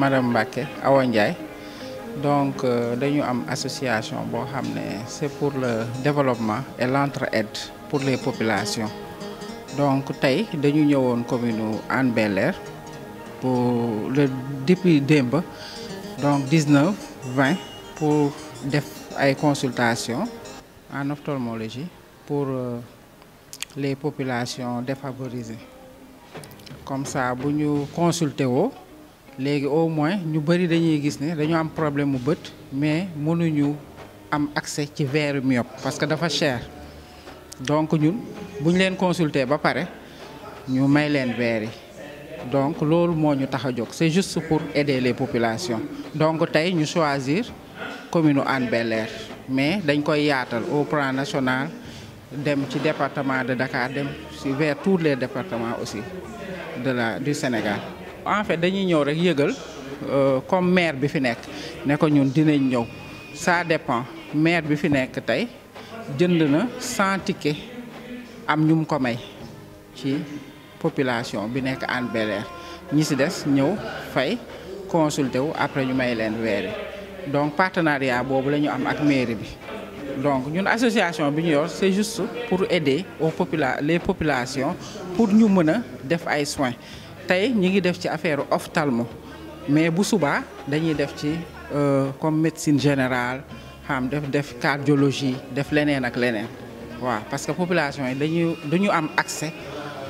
Madame Baké, Awa Donc, donc avons une association c'est pour le développement et l'entraide pour les populations donc nous avons une commune en Bel-Air pour le depuis Dembe, donc 19 20 pour des consultations en ophtalmologie pour euh, les populations défavorisées comme ça si nous consultons, au moins nous avons dañuy problème mais nous am accès ci verre myope parce que dafa cher donc nous, buñ leen consulter ba paré ñu verre donc c'est moo ñu tax c'est juste pour aider les populations donc tey ñu choisir commune anne bel mais dañ koy au plan national dem ci département de Dakar dem vers tous les départements aussi de la du Sénégal. en fait nous ñëw rek yëgal euh, comme maire bi fi nekk ne ko ñun dinañ ça dépend maire bi fi nekk tey jënd na 100 tickets am ñu ko may population bi nek an bel ñi ci dess ñëw fay consulter wu après ñu may len weer donc partenariat bobu lañu am ak mairie bi donc ñun association bi ñu yor c'est juste pour aider aux popula les populations pour ñu mëna def ay soins tay ñi ngi def ci affaire oftalmo. mais bu suba dañuy def ci euh, comme médecine générale xam def def cardiologie def lenen ak lenen Wa parce que population yi dañu dañu am accès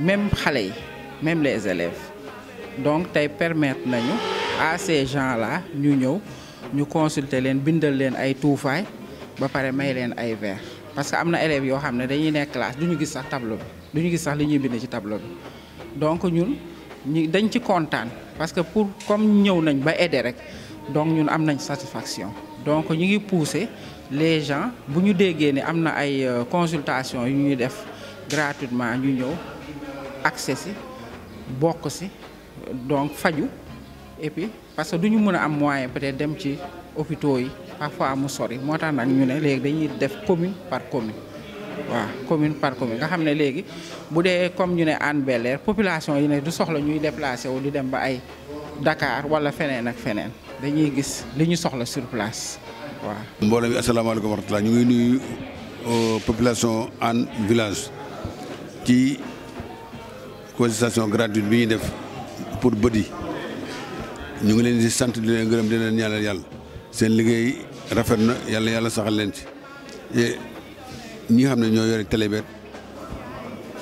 même xale même les élèves donc tey permettre nañu à ces gens-là ñu ñëw ñu consulter leen bindal leen ay tuufaay ba pare may leen ay verre parce que am na élèves yoo xam ne dañuy nekk classe du ñu gis sax tableau bi du ñu gis sax li ñuy bind ci tableau donc ñun ñu dañ ci content parce que pour comme ñëw nañ ba aider rek donc ñun am satisfaction donc ñu ngi pousser les gens bu ñu déggee ne am ay euh, consultation yu ñuy def gratuitement ñu ñëw accès si bokk si donc faju et puis parce que duñu mëna am moyen peut-être dem ci hôpitaux yi parfois mu sori motax nak ñu né légui dañuy def commune par commune wa commune par commune nga xamné légui léegi bu dee comme ñu né Hann bel population yi né du soxla ñuy déplacer wu di dem ba ay Dakar wala fenen ak fenen dañuy gis li ñu soxla sur place wa mbooloo mi asalaamaaleykum wa rahmatulah ñu ngi nuyu euh, population Hann village ci. consultation gratuite bi ñuy def pour bët yi ñu ngi leen di sant di leen gërëm di leen yàlla seen liggéey rafet na yàlla yàlla saxal leen ci ñi nga xam ne ñoo yore télé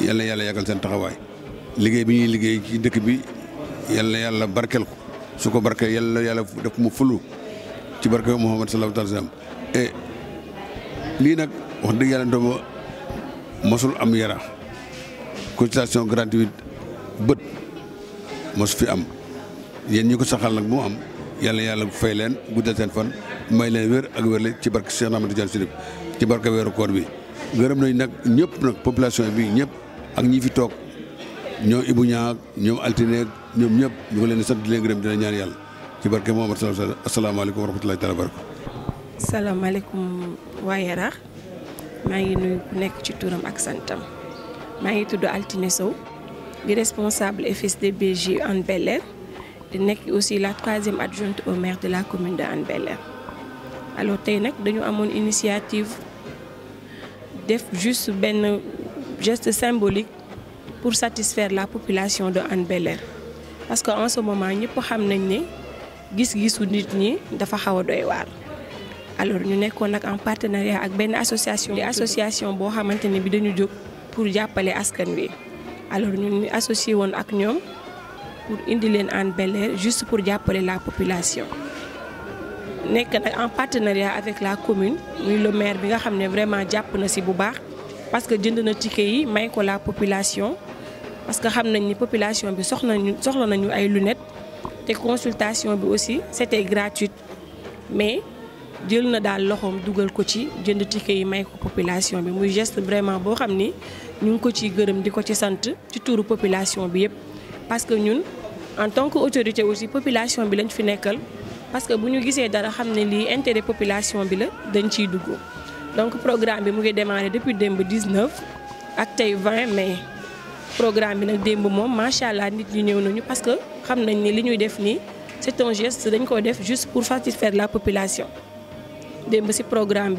yàlla yàlla yàggal seen taxawaay liggéey bi ñuy liggéey ci dëkk bi yàlla yàlla barkeel ko su ko barkeel yàlla yàlla def mu fulu ci barke Muhammad sallallahu alayhi wa sallam e lii nag wax dëgg yàlla doomu mosul am yara consultation gratuite bët mos fi am yéen ñi ko saxal nag mu am yàlla yàlla fay leen guddal seen fan may leen wér ak wér la ci barke Cheikh Amadou Diagne Chérif ci barke weeru koor bi gërëm nañ nag ñëpp nag population bi ñëpp ak ñi fi toog ñoo Ibou Niang ñoom Altine ñoom ñëpp ñu ngi leen di sant di leen gërëm dina ñaan yàlla ci barke Muhammad sallallahu alayhi wasallam asalaamaaleykum wa rahmatullahi salaamaaleykum waa Yaraax maa ngi nuyu ku nekk ci turam ak santam maa ngi tudd Altine Sow Le responsable FSDBJ Anne Beller air aussi la troisième adjointe au maire de la commune de Anne alors nous avons dañu amoon initiative def juste un geste symbolique pour satisfaire la population de Anne parce qu'en ce moment nous xam nañ ne gis-gisu nit ñi dafa xaw doy war alors ñu avons nak en partenariat avec une association. des association bo xamante bi dañu jóg pour jappalé askan wi alors nous nous associé woon ak pour indiquer leen en Bel Air juste pour appeler la population. en partenariat avec la commune le maire a vraiment jàpp na ci parce que jënd na ticket yi may la population. parce que nous avons ni population bi des nañu lunettes des consultation aussi c'était gratuit. mais jël na daal loxoom dugal ko ci jënd ticket yi may ko population bi muy geste vraiment boo xam ni ñu ngi ko ci gërëm di ko ci sant ci tuuru population bi yëpp. parce que ñun en tant que autorité aussi population bi lañ fi nekkal parce que bu ñu gisee dara xam ne lii intérêt population bi la dañ ciy dugg donc programme bi mu ngi démarré depuis démb 19 ak tey 20 mai. programme bi nag démb moom macha allah nit ñi ñëw nañu parce que xam nañ ni li ñuy def nii c'est un geste dañ ko def juste pour satisfaire la population. De ce programme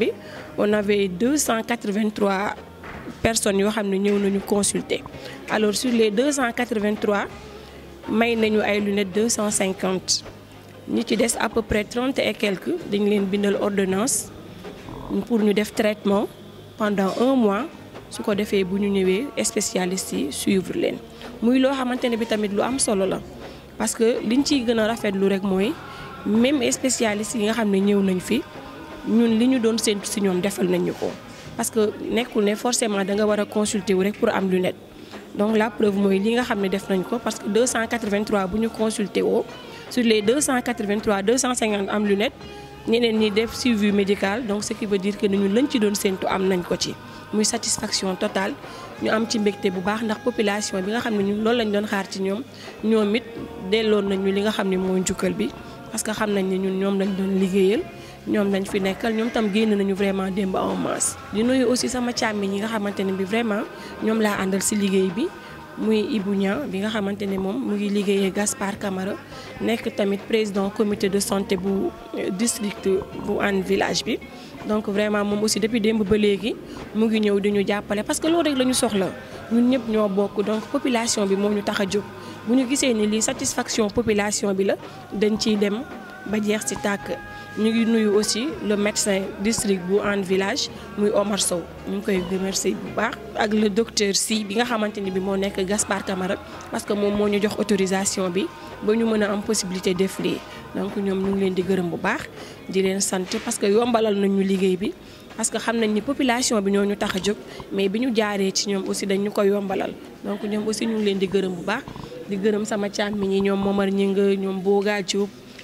on avait 283 personnes qui ont ont nous alors sur les 283 may nañu ay 250 Nous ci des à peu près 30 et quelques nous leen bindal ordonnance pour faire def traitement pendant un mois qu'on a fait bu ñu les spécialistes suivre leen muy loo xamante de bi tamit lu am solo la parce que liñ qui gën a rafetlu rek même spécialistes yi nga fait ñun li ñu doon séntu si ñoom defal nañu ko parce que nekkul ne forcément da nga war a consulter wu rek pour am lunette donc la preuve mooy li nga xam ne def nañ ko parce que 283 bu ñu consulter woo sur les 283 250 am lunette ñeneen ñi def suivi médical donc ce qui veut dire que ni lañ ci doon séntu am nañ ko ci muy satisfaction totale ñu am ci mbégte bu baax ndax population bi nga xam ne ñun loolu lañ doon xaar ci ñoom ñoom it delloon nañu li nga xam ne mooy njukkal bi parce que xam nañ ne ñun ñoom lañ doon liggéeyal ñoom lañ fi nekkal ñoom tam génn nañu vraiment démb en masse di nuyu aussi sama càmmiñ yi nga xamante ne bi vraiment ñoom laa àndal si liggéey bi muy Ibou bi nga xamante ne moom mu ngi liggéeyee Gaspard Camara nekk tamit président comité de santé bu euh, district bu Hann village bi donc vraiment moom aussi depuis démb ba léegi mu ngi ñëw di ñu jàppale parce que loolu rek la ñu soxla ñun ñëpp ñoo bokk donc population bi moo ñu tax a jóg bu ñu gisee ni lii satisfaction population bi la dañ ciy dem ba jeex ci tàkk ñu ngi nuyu aussi le médecin district bu en village muy Omar Sow ñu koy remercier bu baax ak le docteur si bi nga xamanteni bi mo nek Gaspar Camara parce que mom mo ñu jox autorisation bi ba ñu mën a am possibilité def lii donc ñom ñu ngi leen di gërëm bu baax di leen sant parce que yombalal nañu ñu liggéey bi parce que xamnañ ni population bi ñoo ñu tax mais biñu ñu ci ñom aussi dañ ñu koy yombalal donc ñom aussi ñu ngi leen di gërëm bu baax di gërëm sama càmmiñ yi ñom Momar ñinga ñom Boga Diop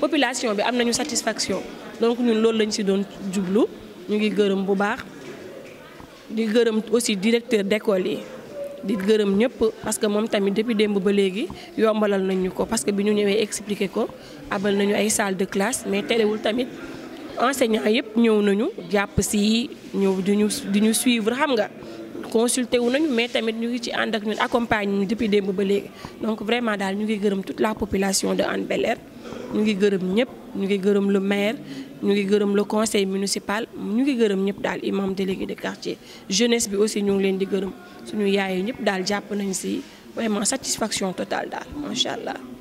population bi amnañu satisfaction donc ñun loolu lañ ci doon jublu ñu ngi gërëm bu baax di gërëm aussi directeur d'école yi di gërëm ñëpp parce que moom tamit depuis démb ba léegi yombalal nañu ko parce que bi ñu ñëwee expliquer ko abal nañu ay salle de classe mais terewul tamit enseignants yëpp ñëw nañu jàpp si ñëw di ñu di ñu suivre xam nga consulté wu nañu mais tamit ñu ngi ci ànd ak ñun accompagne ñu depuis démb ba léegi donc vraiment daal ñu ngi gërëm toute la population de Hann Bel-Air ñu ngi gërëm ñëpp ñu ngi gërëm le maire ñu ngi gërëm le conseil municipal ñu ngi gërëm ñëpp dal imam délégué de quartier jeunesse bi aussi ñu ngi leen di gërëm suñu yaay yi ñëpp dal jàpp nañ si vraiment satisfaction totale daal macha allah.